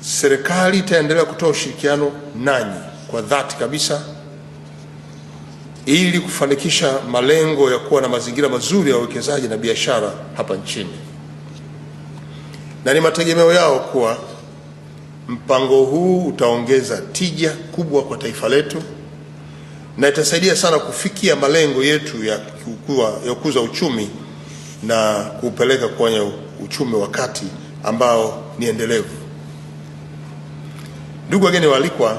serikali itaendelea kutoa ushirikiano nanyi kwa dhati kabisa ili kufanikisha malengo ya kuwa na mazingira mazuri ya uwekezaji na biashara hapa nchini, na ni mategemeo yao kuwa mpango huu utaongeza tija kubwa kwa taifa letu na itasaidia sana kufikia malengo yetu ya kukuza uchumi na kuupeleka kwenye uchumi wa kati ambao ni endelevu. Ndugu wageni waalikwa,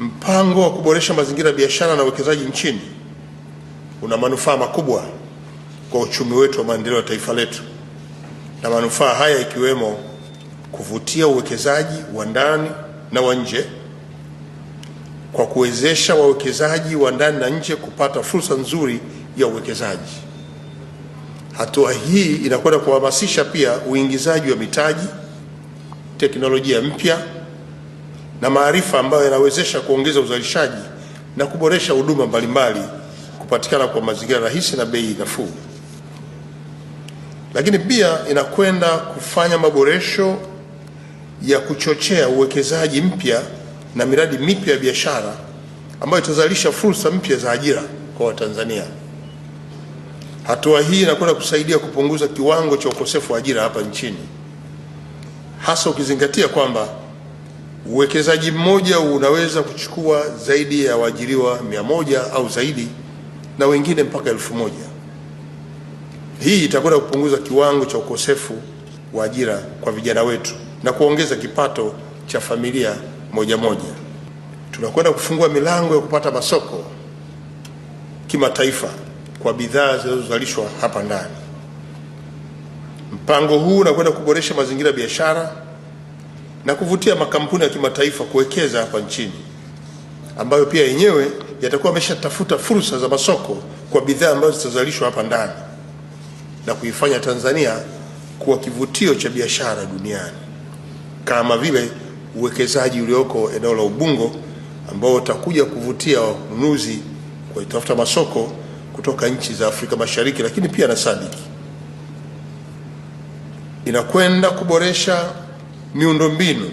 mpango wa kuboresha mazingira ya biashara na uwekezaji nchini una manufaa makubwa kwa uchumi wetu wa maendeleo ya taifa letu, na manufaa haya ikiwemo kuvutia uwekezaji wa ndani na wa nje kwa kuwezesha wawekezaji wa ndani na nje kupata fursa nzuri ya uwekezaji. Hatua hii inakwenda kuhamasisha pia uingizaji wa mitaji, teknolojia mpya na maarifa ambayo yanawezesha kuongeza uzalishaji na kuboresha huduma mbalimbali kupatikana kwa mazingira rahisi na bei nafuu. Lakini pia inakwenda kufanya maboresho ya kuchochea uwekezaji mpya na miradi mipya ya biashara ambayo itazalisha fursa mpya za ajira kwa Watanzania. Hatua hii inakwenda kusaidia kupunguza kiwango cha ukosefu wa ajira hapa nchini, hasa ukizingatia kwamba Uwekezaji mmoja unaweza kuchukua zaidi ya waajiriwa mia moja au zaidi na wengine mpaka elfu moja. Hii itakwenda kupunguza kiwango cha ukosefu wa ajira kwa vijana wetu na kuongeza kipato cha familia moja moja. Tunakwenda kufungua milango ya kupata masoko kimataifa kwa bidhaa zinazozalishwa hapa ndani. Mpango huu unakwenda kuboresha mazingira ya biashara na kuvutia makampuni ya kimataifa kuwekeza hapa nchini ambayo pia yenyewe yatakuwa ameshatafuta fursa za masoko kwa bidhaa ambazo zitazalishwa hapa ndani na kuifanya Tanzania kuwa kivutio cha biashara duniani kama vile uwekezaji ulioko eneo la Ubungo ambao utakuja kuvutia wanunuzi kwa kutafuta masoko kutoka nchi za Afrika Mashariki, lakini pia na sadiki inakwenda kuboresha miundombinu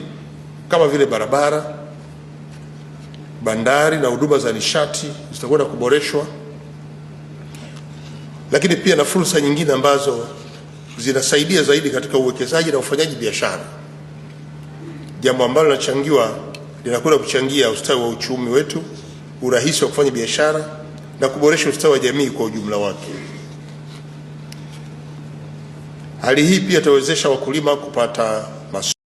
kama vile barabara, bandari na huduma za nishati zitakwenda kuboreshwa, lakini pia na fursa nyingine ambazo zinasaidia zaidi katika uwekezaji na ufanyaji biashara, jambo ambalo linachangiwa linakwenda kuchangia ustawi wa uchumi wetu, urahisi wa kufanya biashara na kuboresha ustawi wa jamii kwa ujumla wake. Hali hii pia itawezesha wakulima kupata